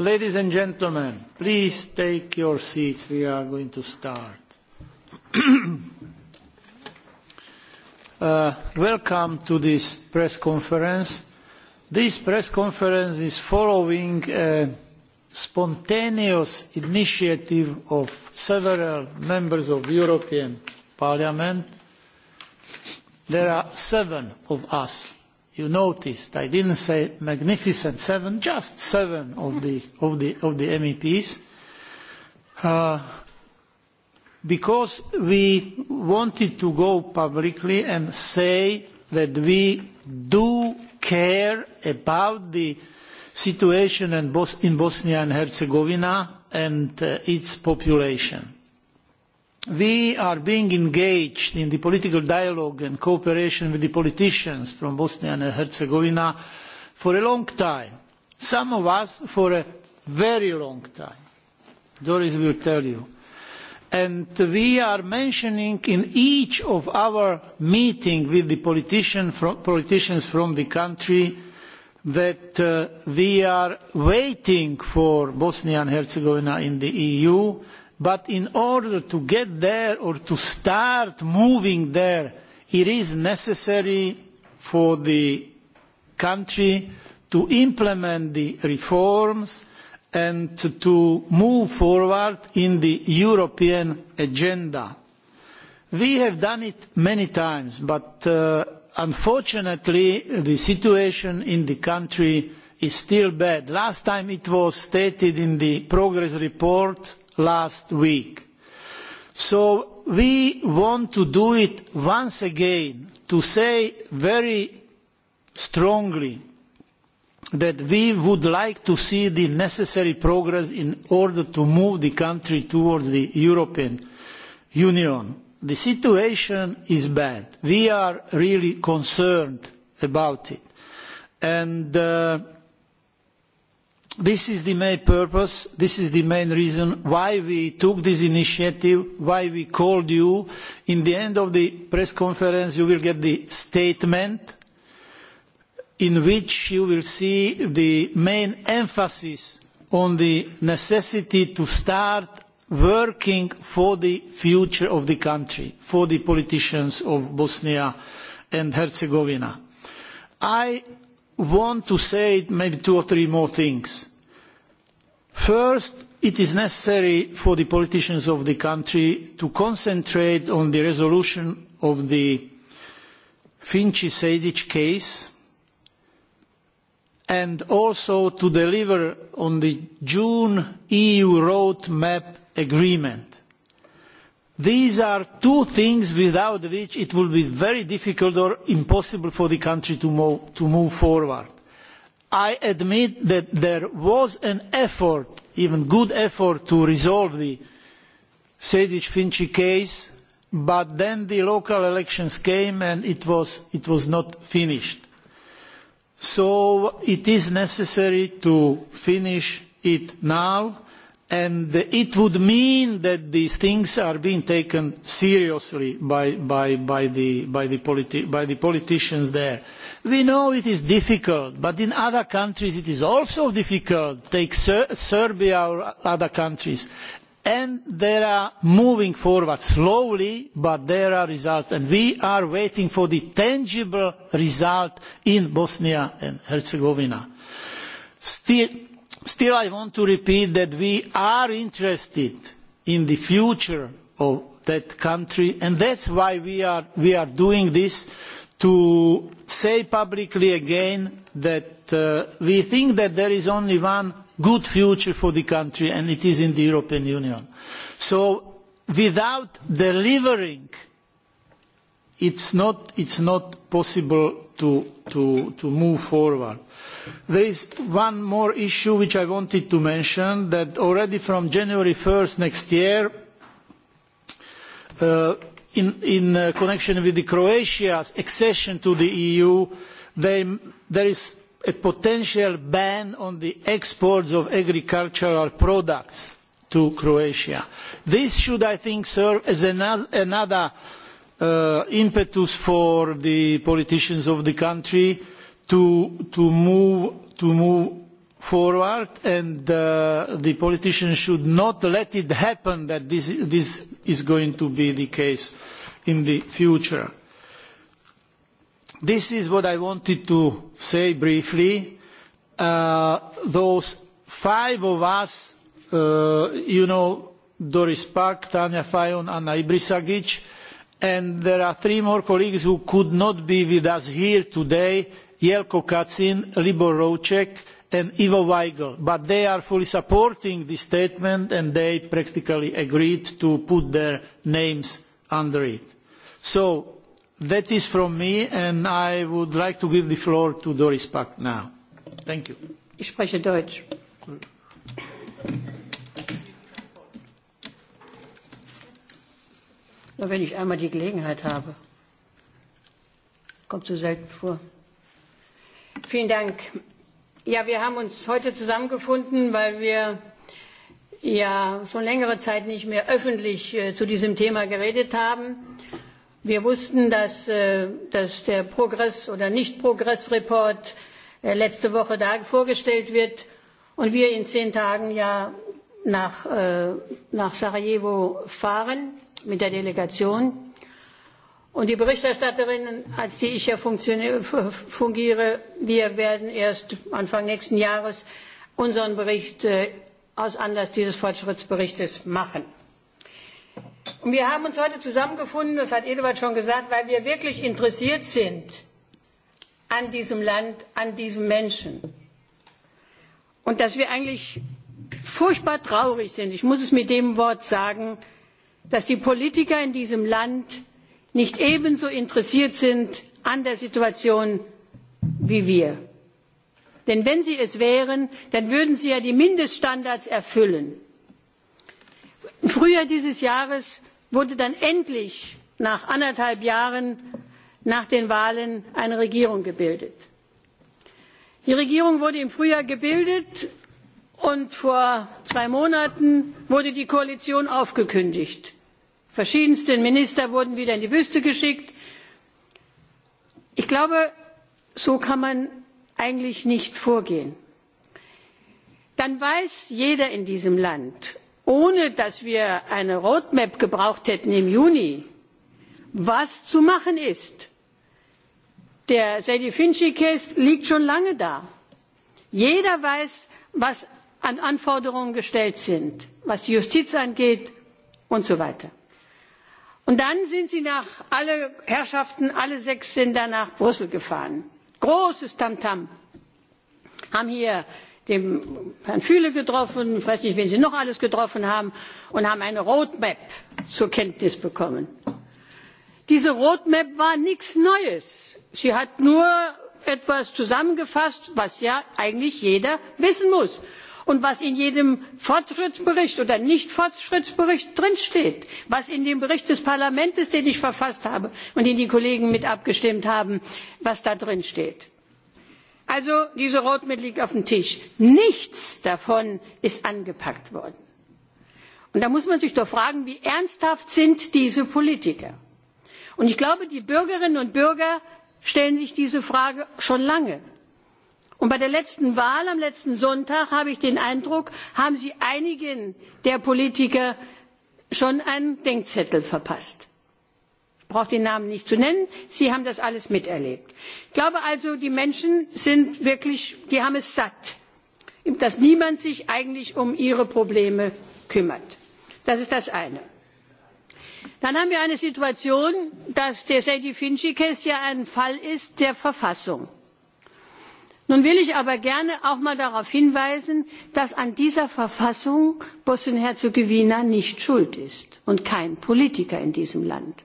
Ladies and gentlemen, please take your seats. We are going to start. uh, welcome to this press conference. This press conference is following a spontaneous initiative of several members of the European Parliament. There are seven of us you noticed I didn't say magnificent seven, just seven of the, of the, of the MEPs, uh, because we wanted to go publicly and say that we do care about the situation in, Bos in Bosnia and Herzegovina and uh, its population we are being engaged in the political dialogue and cooperation with the politicians from bosnia and herzegovina for a long time some of us for a very long time doris will tell you and we are mentioning in each of our meetings with the politician from, politicians from the country that uh, we are waiting for bosnia and herzegovina in the eu and but in order to get there or to start moving there it is necessary for the country to implement the reforms and to, to move forward in the european agenda. we have done it many times but uh, unfortunately the situation in the country is still bad. last time it was stated in the progress report last week. So we want to do it once again to say very strongly that we would like to see the necessary progress in order to move the country towards the European Union. The situation is bad. We are really concerned about it. And uh, this is the main purpose this is the main reason why we took this initiative why we called you. at the end of the press conference you will get the statement in which you will see the main emphasis on the necessity to start working for the future of the country for the politicians of bosnia and herzegovina. i want to say maybe two or three more things. First, it is necessary for the politicians of the country to concentrate on the resolution of the Finci Sedic case and also to deliver on the June EU roadmap agreement these are two things without which it will be very difficult or impossible for the country to move, to move forward. i admit that there was an effort even a good effort to resolve the sejdi finci case but then the local elections came and it was, it was not finished. so it is necessary to finish it now and it would mean that these things are being taken seriously by, by, by, the, by, the, politi by the politicians there. We know it is difficult, but in other countries it is also difficult. Take Ser Serbia or other countries. And they are moving forward slowly, but there are results. And we are waiting for the tangible result in Bosnia and Herzegovina. Still, still i want to repeat that we are interested in the future of that country and that is why we are, we are doing this to say publicly again that uh, we think that there is only one good future for the country and it is in the european union. so without delivering it is not, not possible to, to, to move forward. There is one more issue which I wanted to mention, that already from January 1st next year, uh, in, in uh, connection with the Croatia's accession to the EU, they, there is a potential ban on the exports of agricultural products to Croatia. This should, I think, serve as another, another uh, impetus for the politicians of the country to, to, move, to move forward and uh, the politicians should not let it happen that this, this is going to be the case in the future. This is what I wanted to say briefly. Uh, those five of us, uh, you know, Doris Park, Tanja Fajon, Anna Ibrisagic, and there are three more colleagues who could not be with us here today Jelko Kacin, Libor Rouček, and Ivo Weigel, but they are fully supporting this statement and they practically agreed to put their names under it. So that is from me and I would like to give the floor to Doris Pack now. Thank you. Ich spreche Deutsch. Nur wenn ich einmal die Gelegenheit habe. Kommt so selten vor. Vielen Dank. Ja, wir haben uns heute zusammengefunden, weil wir ja schon längere Zeit nicht mehr öffentlich äh, zu diesem Thema geredet haben. Wir wussten, dass, äh, dass der Progress- oder Nicht-Progress-Report äh, letzte Woche da vorgestellt wird und wir in zehn Tagen ja nach, äh, nach Sarajevo fahren mit der Delegation. Und die Berichterstatterin, als die ich ja fungiere, wir werden erst Anfang nächsten Jahres unseren Bericht äh, aus Anlass dieses Fortschrittsberichtes machen. Und wir haben uns heute zusammengefunden, das hat Eduard schon gesagt, weil wir wirklich interessiert sind an diesem Land, an diesem Menschen. Und dass wir eigentlich furchtbar traurig sind, ich muss es mit dem Wort sagen, dass die Politiker in diesem Land nicht ebenso interessiert sind an der situation wie wir. denn wenn sie es wären dann würden sie ja die mindeststandards erfüllen. im frühjahr dieses jahres wurde dann endlich nach anderthalb jahren nach den wahlen eine regierung gebildet. die regierung wurde im frühjahr gebildet und vor zwei monaten wurde die koalition aufgekündigt verschiedensten minister wurden wieder in die wüste geschickt. ich glaube so kann man eigentlich nicht vorgehen. dann weiß jeder in diesem land ohne dass wir eine roadmap gebraucht hätten im juni was zu machen ist. der sejdi finci case liegt schon lange da. jeder weiß was an anforderungen gestellt sind was die justiz angeht und so weiter und dann sind sie nach alle herrschaften alle sechs sind dann nach brüssel gefahren großes tamtam -Tam. haben hier den herrn füle getroffen ich weiß nicht wen sie noch alles getroffen haben und haben eine roadmap zur kenntnis bekommen. diese roadmap war nichts neues sie hat nur etwas zusammengefasst was ja eigentlich jeder wissen muss und was in jedem fortschrittsbericht oder nicht fortschrittsbericht drinsteht was in dem bericht des parlaments den ich verfasst habe und über den die kollegen mit abgestimmt haben drinsteht. also diese roadmap liegt auf dem tisch. nichts davon ist angepackt worden. und da muss man sich doch fragen wie ernsthaft sind diese politiker? und ich glaube die bürgerinnen und bürger stellen sich diese frage schon lange und bei der letzten wahl am letzten sonntag habe ich den eindruck haben sie einigen der politiker schon einen denkzettel verpasst. ich brauche die namen nicht zu nennen sie haben das alles miterlebt. ich glaube also die menschen sind wirklich die haben es satt dass niemand sich eigentlich um ihre probleme kümmert. das ist das eine. dann haben wir eine situation dass der sejdi finci case ja ein fall ist der verfassung nun will ich aber gerne auch mal darauf hinweisen dass an dieser verfassung bosnien und herzegowina nicht schuld ist und kein politiker in diesem land.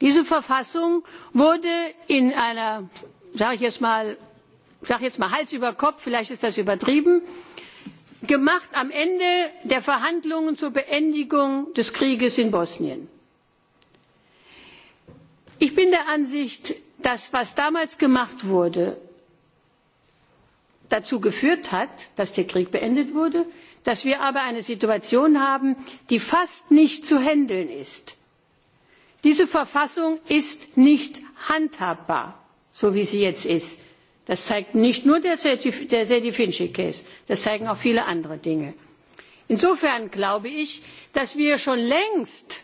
diese verfassung wurde in einer sage ich jetzt mal sage jetzt mal hals über kopf vielleicht ist das übertrieben gemacht am ende der verhandlungen zur beendigung des krieges in bosnien. ich bin der ansicht dass was damals gemacht wurde dazu geführt hat dass der krieg beendet wurde dass wir aber eine situation haben die fast nicht zu handeln ist. diese verfassung ist nicht handhabbar so wie sie jetzt ist. das zeigt nicht nur der sejdi finci case das zeigen auch viele andere dinge. insofern glaube ich dass wir schon längst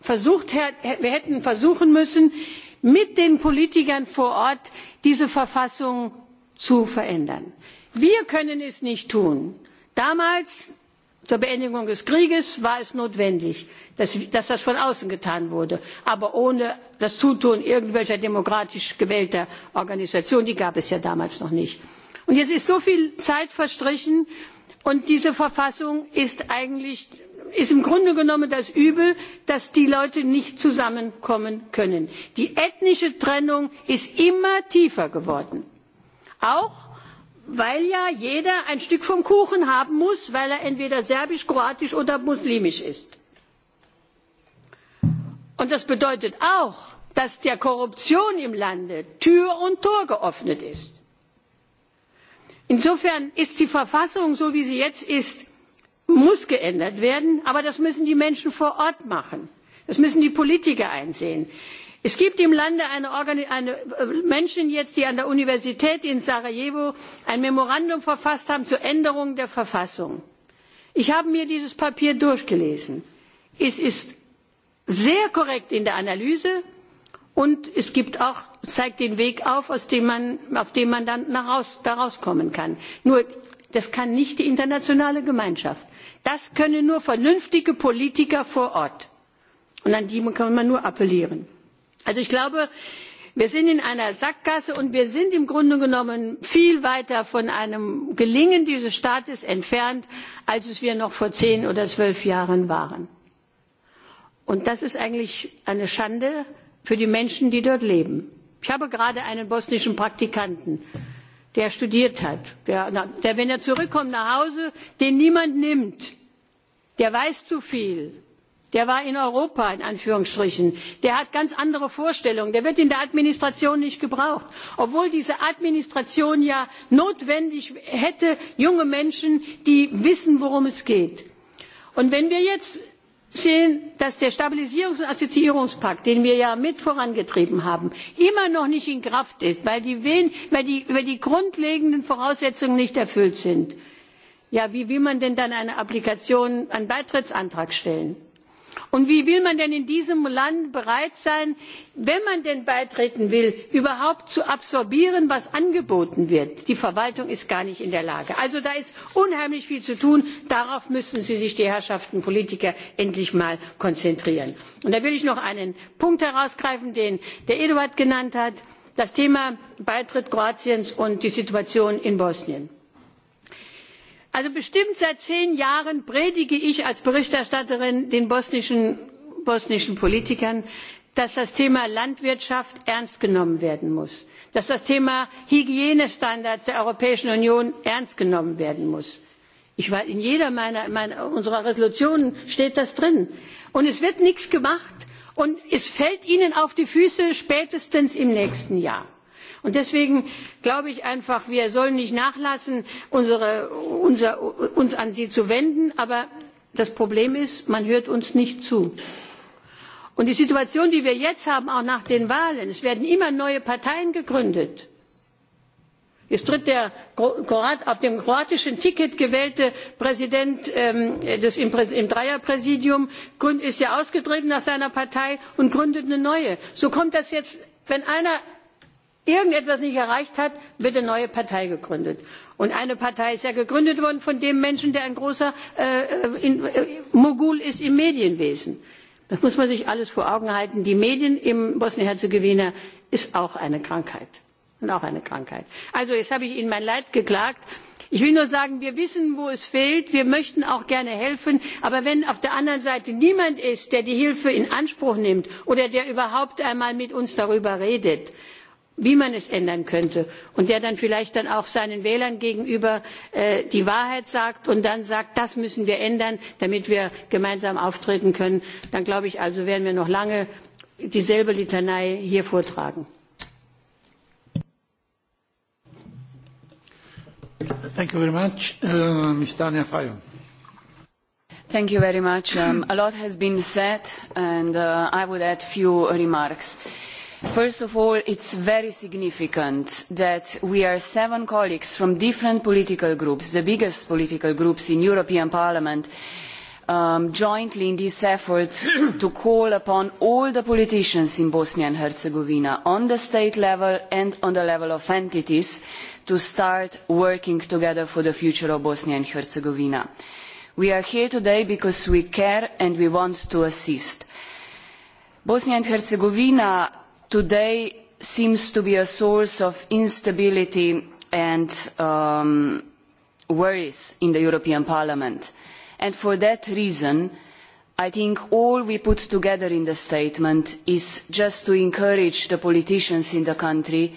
versucht wir hätten versuchen müssen mit den politikern vor ort diese verfassung zu verändern. wir können es nicht tun. damals zur beendigung des krieges war es notwendig dass, dass das von außen getan wurde aber ohne das zutun irgendwelcher demokratisch gewählter organisationen die gab es ja damals noch nicht. und jetzt ist so viel zeit verstrichen und diese verfassung ist eigentlich ist im grunde genommen das übel dass die leute nicht zusammenkommen können. die ethnische trennung ist immer tiefer geworden Auch weil ja jeder ein Stück vom Kuchen haben muss, weil er entweder serbisch, kroatisch oder muslimisch ist. Und das bedeutet auch, dass der Korruption im Lande Tür und Tor geöffnet ist. Insofern ist die Verfassung, so wie sie jetzt ist, muss geändert werden, aber das müssen die Menschen vor Ort machen. Das müssen die Politiker einsehen es gibt im lande eine, eine, äh, menschen jetzt die an der universität in sarajevo ein memorandum verfasst haben zur änderung der verfassung. ich habe mir dieses papier durchgelesen. es ist sehr korrekt in der analyse und es auch, zeigt den weg auf dem man, auf dem man dann herauskommen kann. nur das kann nicht die internationale gemeinschaft. das können nur vernünftige politiker vor ort und an die kann man nur appellieren also ich glaube wir sind in einer sackgasse und wir sind im grunde genommen viel weiter von einem gelingen dieses staates entfernt als wir noch vor zehn oder zwölf jahren waren. und das ist eigentlich eine schande für die menschen die dort leben. ich habe gerade einen bosnischen praktikanten der studiert hat der, der wenn er zurückkommt nach hause den niemand nimmt der weiß zu viel der war in europa in anführungsstrichen der hat ganz andere vorstellungen der wird in der administration nicht gebraucht obwohl diese administration ja notwendig hätte junge menschen die wissen worum es geht. und wenn wir jetzt sehen dass der stabilisierungs und assoziierungspakt den wir ja mit vorangetrieben haben immer noch nicht in kraft ist weil die grundlegenden voraussetzungen nicht erfüllt sind ja wie will man denn dann einen beitrittsantrag stellen? und wie will man denn in diesem land bereit sein wenn man denn beitreten will überhaupt zu absorbieren was angeboten wird? die verwaltung ist gar nicht in der lage. also da ist unheimlich viel zu tun darauf müssen sich die herrschaften politiker endlich mal konzentrieren. und da will ich noch einen punkt herausgreifen den der eduard genannt hat das thema beitritt kroatiens und die situation in bosnien also bestimmt seit zehn jahren predige ich als berichterstatterin den bosnischen, bosnischen politikern dass das thema landwirtschaft ernst genommen werden muss dass das thema hygienestandards der europäischen union ernst genommen werden muss. Weiß, in jeder meiner, meiner, unserer entschließungen steht das drin. und es wird nichts gemacht und es fällt ihnen auf die füße spätestens im nächsten jahr und deswegen glaube ich einfach wir sollen nicht nachlassen unsere, unser, uns an sie zu wenden aber das problem ist man hört uns nicht zu. und die situation die wir jetzt haben auch nach den wahlen es werden immer neue parteien gegründet jetzt tritt der auf dem kroatischen ticket gewählte präsident ähm, des, im dreierpräsidium ist ja ausgetreten aus seiner partei und gründet eine neue. so kommt das jetzt wenn einer irgendetwas nicht erreicht hat wird eine neue partei gegründet. und eine partei ist ja gegründet worden von dem menschen der ein großer äh, in, äh, mogul ist im medienwesen. das muss man sich alles vor augen halten. die medien in bosnien herzegowina ist auch eine krankheit. Und auch eine krankheit. also jetzt habe ich ihnen mein leid geklagt. ich will nur sagen wir wissen wo es fehlt wir möchten auch gerne helfen aber wenn auf der anderen seite niemand ist der die hilfe in anspruch nimmt oder der überhaupt einmal mit uns darüber redet wie man es ändern könnte und der dann vielleicht dann auch seinen Wählern gegenüber äh, die Wahrheit sagt und dann sagt, das müssen wir ändern, damit wir gemeinsam auftreten können, dann glaube ich also, werden wir noch lange dieselbe Litanei hier vortragen. Thank you very much. Uh, Ms. Tania Fayon. Thank you very much. Um, a lot has been said and uh, I would add few remarks. Uh, first of all it is very significant that we are seven colleagues from different political groups the biggest political groups in the european parliament um, jointly in this effort to call upon all the politicians in bosnia and herzegovina on the state level and on the level of entities to start working together for the future of bosnia and herzegovina. we are here today because we care and we want to assist. bosnia and herzegovina today seems to be a source of instability and um, worries in the European Parliament. And for that reason, I think all we put together in the statement is just to encourage the politicians in the country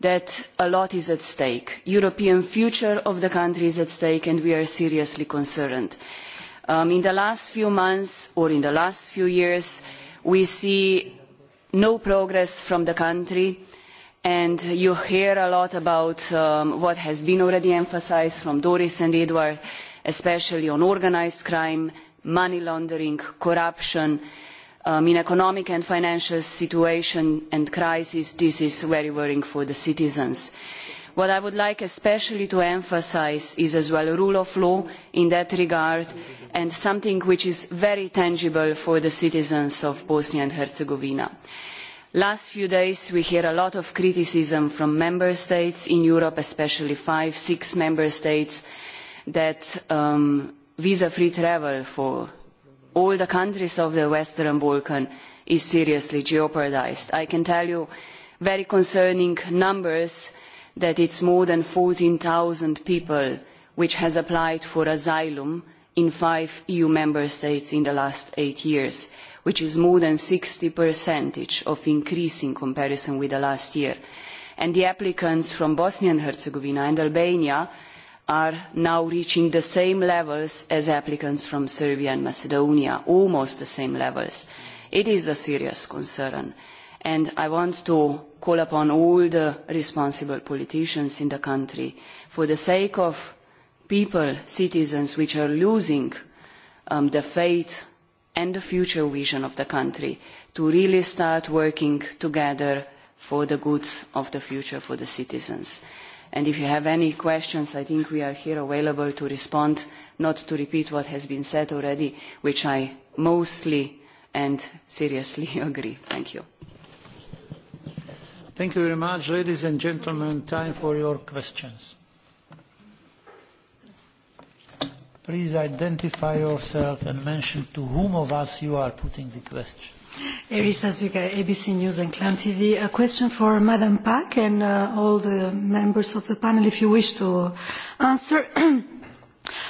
that a lot is at stake. European future of the country is at stake and we are seriously concerned. Um, in the last few months or in the last few years, we see no progress from the country and you hear a lot about um, what has been already emphasised from doris and eduard especially on organised crime money laundering corruption. Um, in economic and financial situation and crisis this is very worrying for the citizens. what i would like especially to emphasise is as well the rule of law in that regard and something which is very tangible for the citizens of bosnia and herzegovina last few days we hear a lot of criticism from member states in europe especially five six member states that um, visa free travel for all the countries of the western balkans is seriously jeopardised. i can tell you very concerning numbers that it is more than fourteen zero people who have applied for asylum in five eu member states in the last eight years which is more than 60 percentage of increase in comparison with the last year. And the applicants from Bosnia and Herzegovina and Albania are now reaching the same levels as applicants from Serbia and Macedonia, almost the same levels. It is a serious concern. And I want to call upon all the responsible politicians in the country, for the sake of people, citizens, which are losing um, the faith and the future vision of the country to really start working together for the good of the future for the citizens. And if you have any questions, I think we are here available to respond, not to repeat what has been said already, which I mostly and seriously agree. Thank you. Thank you very much, ladies and gentlemen. Time for your questions. Please identify yourself and mention to whom of us you are putting the question. Erisa Zuga, ABC News and Clan TV. A question for Madam Pak and uh, all the members of the panel, if you wish to answer.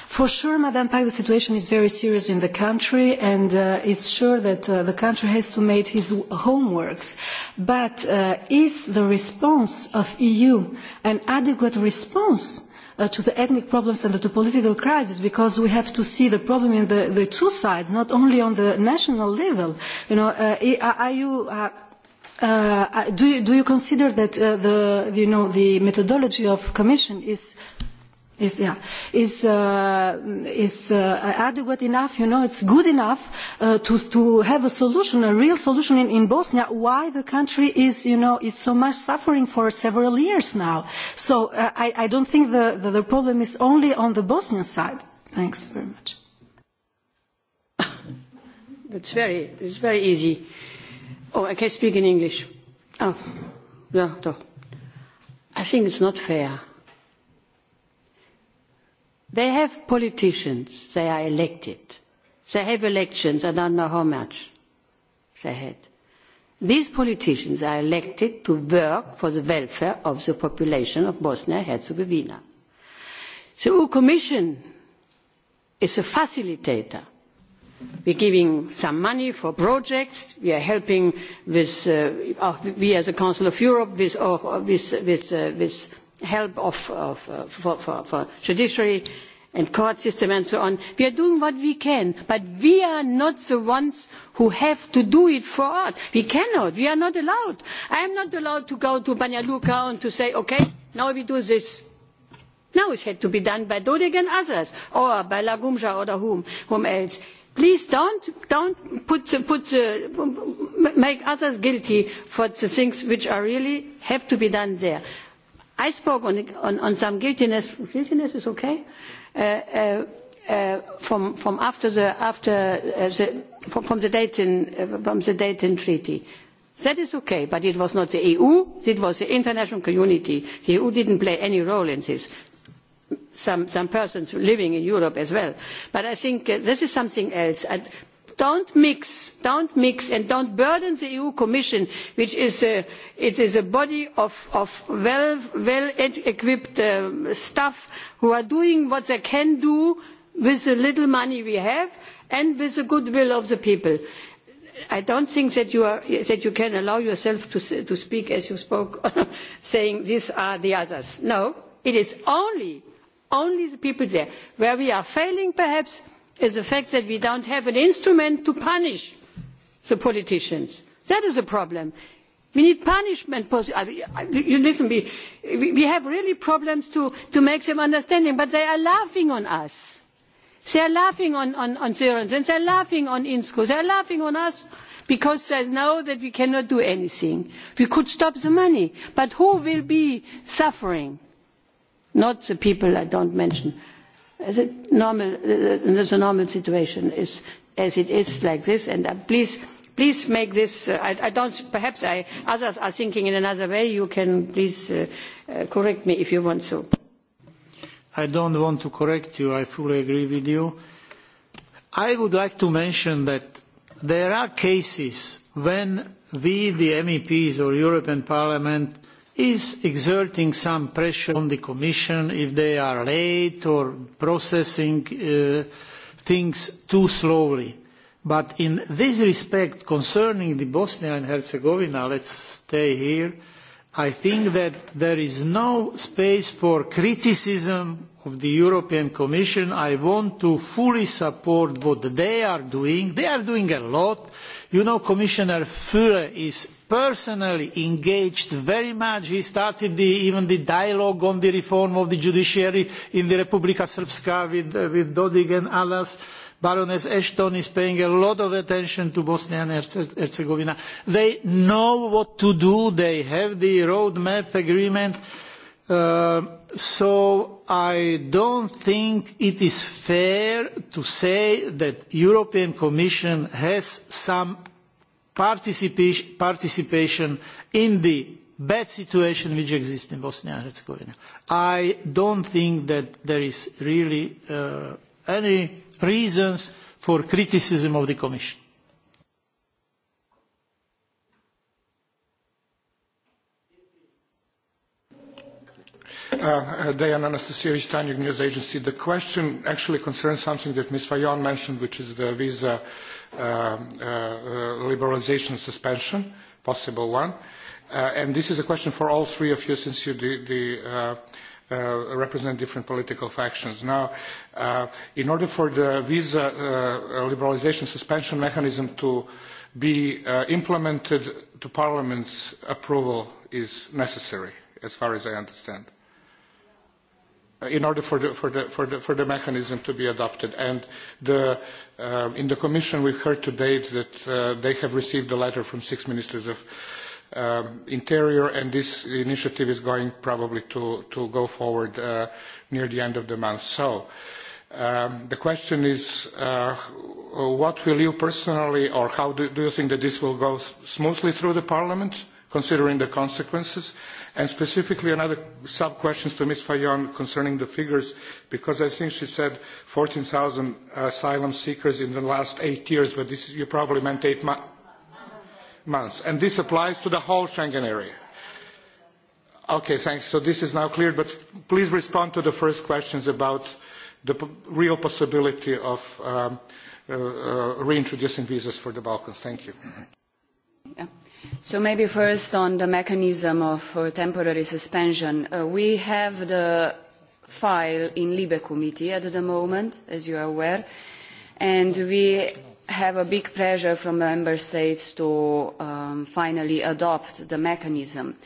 For sure, Madam Pak, the situation is very serious in the country, and uh, it's sure that uh, the country has to make his homeworks. But uh, is the response of EU an adequate response uh, to the ethnic problems and the, to political crisis because we have to see the problem in the, the two sides, not only on the national level. You know, uh, uh are you, uh, uh, do you do you consider that uh, the you know the methodology of Commission is is yeah is uh, is uh, adequate enough you know it's good enough uh, to to have a solution a real solution in, in bosnia why the country is you know is so much suffering for several years now so uh, i i don't think the, the the problem is only on the bosnian side thanks very much that's very it's very easy oh i can speak in english oh yeah no, no. i think it's not fair They have politicians, they are elected. They have elections, I don't know how much they had. These politicians are elected to work for the welfare of the population of Bosnia and Herzegovina. The EU Commission is a facilitator. We're giving some money for projects. We are helping with, uh, we as a Council of Europe, with, uh, with, with, uh, with help of, of, uh, for, for, for judiciary and court system and so on. We are doing what we can, but we are not the ones who have to do it for us. We cannot. We are not allowed. I am not allowed to go to Banja Luka and to say, okay, now we do this. No, it had to be done by Dodig and others, or by Lagumja or whom, whom else. Please don't, don't put, put the, make others guilty for the things which are really have to be done there iceberg on, on, on some guiltiness. Guiltiness is okay. Uh, uh, uh, from, from after the after uh, the, from, from the Dayton uh, from the Dayton Treaty, that is okay. But it was not the EU; it was the international community. The EU didn't play any role in this. Some some persons living in Europe as well. But I think uh, this is something else. I, don't mix don't mix and don't burden the eu commission which is a, it is a body of, of well well equipped uh, staff who are doing what they can do with the little money we have and with the goodwill of the people i don't think that you are that you can allow yourself to to speak as you spoke saying these are the others no it is only only the people there where we are failing perhaps is the fact that we do not have an instrument to punish the politicians. that is a problem. we need punishment. You listen, we, we have really problems to, to make them understanding, but they are laughing on us. they are laughing on, on, on syrians and they are laughing on insco. they are laughing on us because they know that we cannot do anything. we could stop the money, but who will be suffering? not the people i don't mention As it normal, uh, the normal situation is as it is like this, and uh, please please make this uh, I, I don't perhaps I, others are thinking in another way you can please uh, uh, correct me if you want to I don't want to correct you I fully agree with you I would like to mention that there are cases when we the MEPs or European Parliament uh, is exerting some pressure on the Commission if they are late or processing uh, things too slowly. But in this respect, concerning the Bosnia and Herzegovina, let's stay here, uh, I think that there is no space for criticism of the European Commission. I want to fully support what they are doing. They are doing a lot. You know, Commissioner Füle is personally engaged very much. He started the, even the dialogue on the reform of the judiciary in the Republika Srpska with, uh, with Dodig and others. Baroness Ashton is paying a lot of attention to Bosnia and Herzegovina. They know what to do. They have the roadmap agreement. Uh, so I don't think it is fair to say that European Commission has some participa participation in the bad situation which exists in Bosnia and Herzegovina. I don't think that there is really uh, any reasons for criticism of the Commission. Uh, uh Diana Anastasievich, Tanya News Agency. The question actually concerns something that Ms. Fayon mentioned, which is the visa uh, uh, liberalization suspension, possible one. Uh, and this is a question for all three of you since you the, the uh, uh, represent different political factions. Now, uh, in order for the visa uh, liberalization suspension mechanism to be uh, implemented to Parliament's approval is necessary, as far as I understand, uh, in order for the, for the, for the, for the mechanism to be adopted. And the, uh, in the Commission, we've heard to date that uh, they have received a letter from six ministers of uh, um, interior, and this initiative is going probably to, to go forward uh, near the end of the month. So um, the question is, uh, what will you personally, or how do, do you think that this will go smoothly through the Parliament, considering the consequences? And specifically, another sub-questions to Ms. Fayon concerning the figures, because I think she said 14,000 asylum seekers in the last eight years, but this, you probably meant eight months months, and this applies to the whole Schengen area. Okay, thanks. So this is now clear, but please respond to the first questions about the real possibility of um, uh, uh, reintroducing visas for the Balkans. Thank you. Yeah. So maybe first on the mechanism of uh, temporary suspension. Uh, we have the file in Libe committee at the moment, as you are aware, and we have a big pressure from member states to um, finally adopt the mechanism.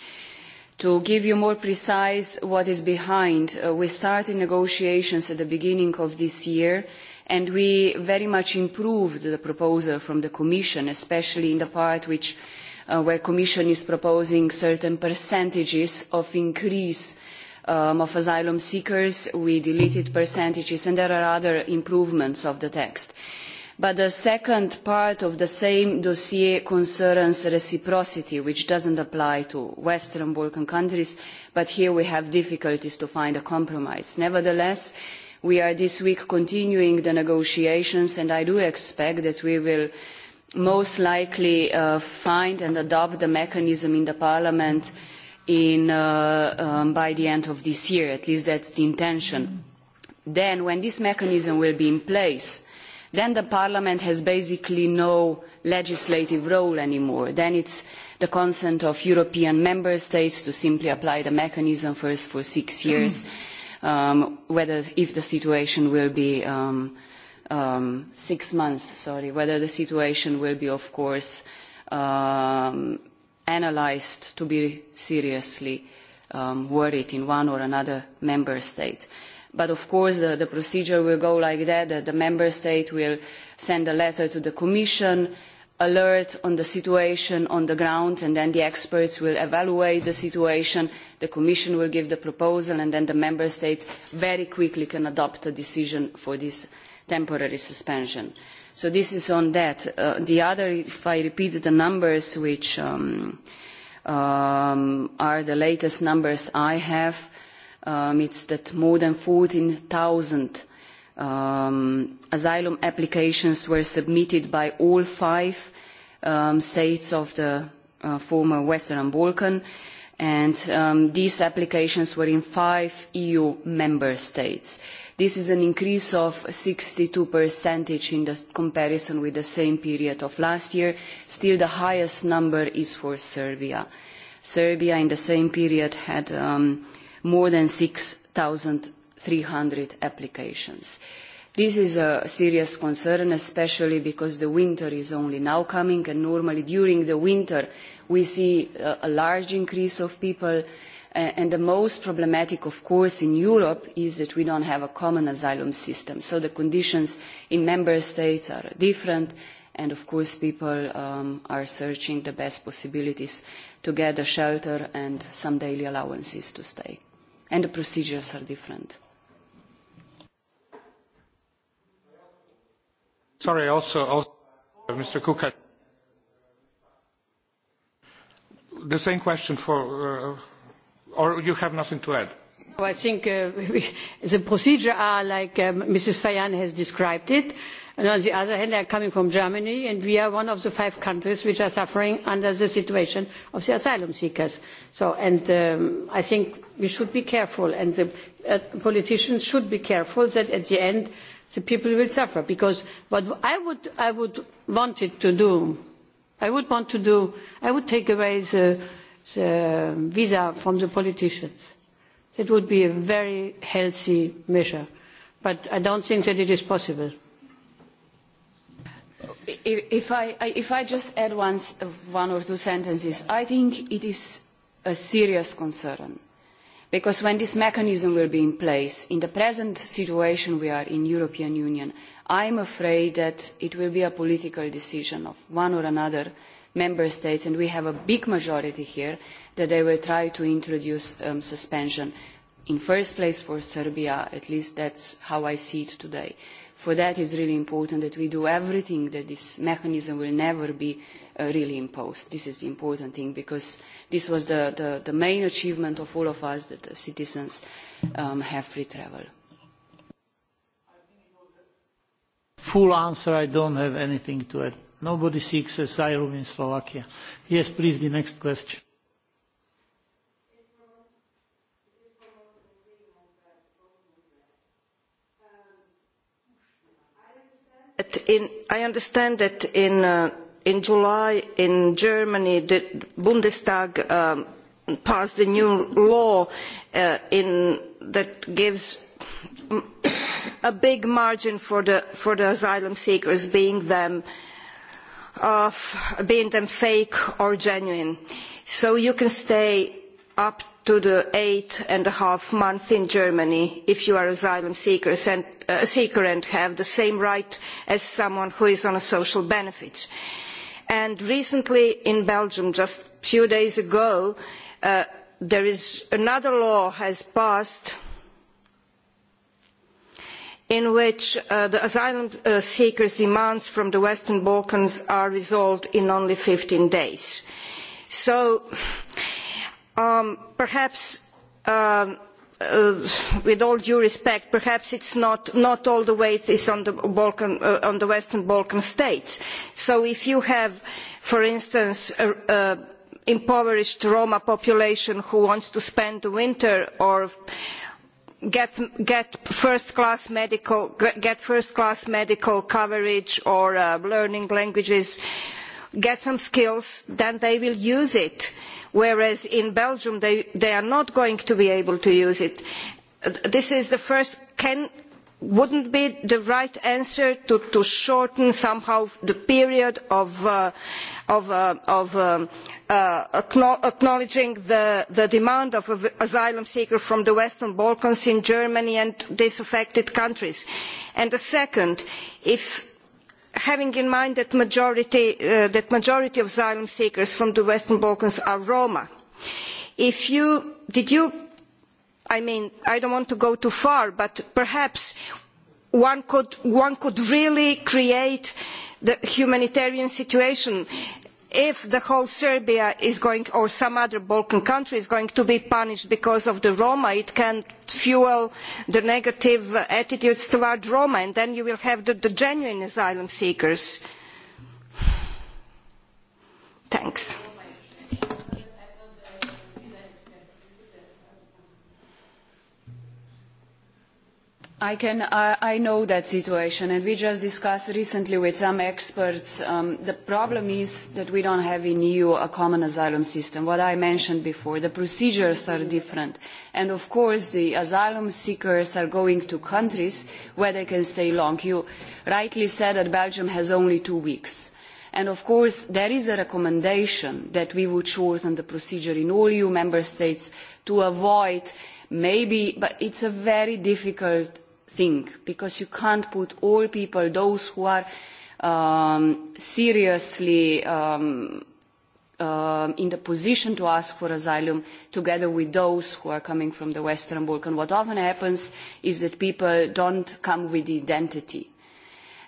To give you more precise what is behind, uh, we started negotiations at the beginning of this year and we very much improved the proposal from the Commission, especially in the part which, uh, where Commission is proposing certain percentages of increase um, of asylum seekers. We deleted percentages and there are other improvements of the text. Uh, but the second part of the same dossier concerns reciprocity which does not apply to western balkan countries but here we have difficulties to find a compromise. nevertheless we are this week continuing the negotiations and i do expect that we will most likely uh, find and adopt the mechanism in the parliament in, uh, um, by the end of this year. At least that's the intention. Then, when this mechanism will be in place, then the parliament has basically no legislative role anymore. Then it's the consent of European member states to simply apply the mechanism first for six years, um, whether if the situation will be um, um, six months, sorry, whether the situation will be, of course, um, analyzed to be seriously um, worried in one or another member state. Uh, but of course the, the procedure will go like that, that the member state will send a letter to the commission, alert on the situation on the ground and then the experts will evaluate the situation, the commission will give the proposal and then the member states very quickly can adopt a decision for this temporary suspension. So this is on that. Uh, the other, if I repeat the numbers which um, um, are the latest numbers I have, um, uh, it's that more than 14,000 um, asylum applications were submitted by all five um, states of the uh, former Western Balkan, and um, these applications were in five EU member states. This is an increase of 62% in the comparison with the same period of last year. Still, the highest number is for Serbia. Serbia in the same period had um, uh, more than 6,300 applications. This is a serious concern, especially because the winter is only now coming, and normally during the winter we see a, a large increase of people. And the most problematic, of course, in Europe is that we don't have a common asylum system. So the conditions in member states are different, and of course people um, are searching the best possibilities to get a shelter and some daily allowances to stay and the procedures are different. Sorry, also, also Mr. Cook, I, the same question for, uh, or you have nothing to add? No, I think uh, the procedure are like um, Mrs. Fayan has described it. Uh, And on the other hand, I am coming from Germany, and we are one of the five countries which are suffering under the situation of the asylum seekers. So, and um, I think we should be careful, and the uh, politicians should be careful that at the end the people will suffer. Because what I would, I would want it to do, I would want to do, I would take away the, the visa from the politicians. It would be a very healthy measure. But I don't think that it is possible if I, if I just add one, one or two sentences, I think it is a serious concern. Because when this mechanism will be in place, in the present situation we are in European Union, I'm afraid that it will be a political decision of one or another member states, and we have a big majority here, that they will try to introduce um, suspension. In first place for Serbia, at least that's how I see it today. Uh, for that it's really important that we do everything that this mechanism will never be uh, really imposed. This is the important thing because this was the, the, the main achievement of all of us that the citizens um, have free travel. Full answer, I don't have anything to add. Nobody seeks asylum in Slovakia. Yes, please, the next question. in, I understand that in, uh, in July in Germany the Bundestag um, passed a new law uh, in, that gives a big margin for the, for the asylum seekers being them of uh, being them fake or genuine. So you can stay up to the eight and a half months in Germany if you are asylum seekers and, uh, seeker and have the same right as someone who is on a social benefits. And recently in Belgium, just a few days ago, uh, there is another law has passed in which uh, the asylum uh, seekers' demands from the Western Balkans are resolved in only 15 days. So um, perhaps um, Uh, with all due respect perhaps not, not all the weight is on the, Balkan, uh, on the western balkan states so if you have for instance an uh, impoverished roma population who wants to spend the winter or get, get first class medical, medical coverage or uh, learning languages get some skills then they will use it and whereas in belgium they, they are not going to be able to use it. this is the first can would it not be the right answer to, to shorten somehow the period of, uh, of, uh, of um, uh, acknowledging the, the demand of asylum seekers from the western balkans in germany and these affected countries? and the second if having in mind that majority, uh, that majority of asylum seekers from the Western Balkans are Roma, if you, did you, I mean, I don't want to go too far, but perhaps one could, one could really create the humanitarian situation if the whole serbia going, or some other balkan country is going to be punished because of the roma it can fuel the negative attitudes towards roma and then you will have the, the genuine asylum seekers. thanks. I, can, I, I know that situation, and we just discussed recently with some experts. Um, the problem is that we don't have in EU a common asylum system, what I mentioned before. The procedures are different. And of course, the asylum seekers are going to countries where they can stay long. You rightly said that Belgium has only two weeks. And of course, there is a recommendation that we would shorten the procedure in all EU member states to avoid maybe, but it's a very difficult thing because you can't put all people, those who are um, seriously um, uh, in the position to ask for asylum together with those who are coming from the Western Balkan. What often happens is that people don't come with identity.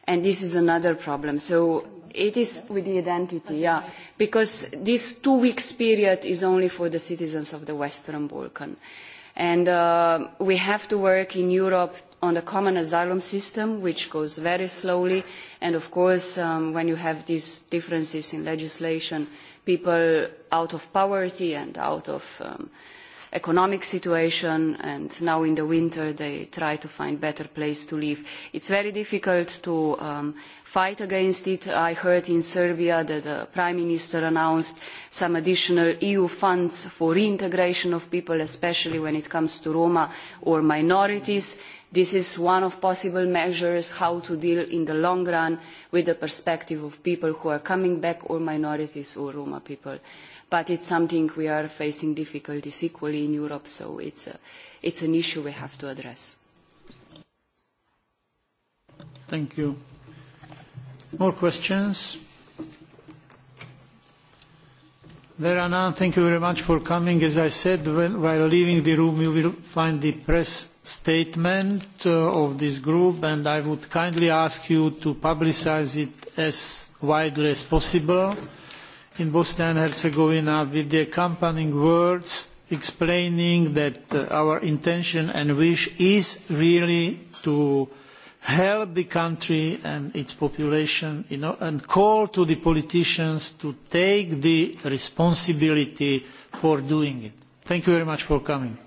And this is another problem. So it is with the identity, yeah, because this two-week period is only for the citizens of the Western Balkan. And uh, we have to work in Europe on the common asylum system, which goes very slowly. And of course, um, when you have these differences in legislation, people out of poverty and out of um, uh, economic situation and now in the winter they try to find better place to live. It's very difficult to um, fight against it. I heard in Serbia that the Prime Minister announced some additional EU funds for reintegration of people, especially when it comes to Roma or minorities. This is one of possible measures how to deal in the long run with the perspective of people who are coming back or minorities or Roma people. Uh, but it's something we are facing difficulties equally in Europe, so it's, a, it's an issue we have to address. Thank you. More questions? There are none. Thank you very much for coming. As I said, when, while leaving the room, you will find the press statement uh, of this group, and I would kindly ask you to publicize it as widely as possible in Bosnia and Herzegovina with the accompanying words explaining that uh, our intention and wish is really to help the country and its population you know, and call to the politicians to take the responsibility for doing it. Thank you very much for coming.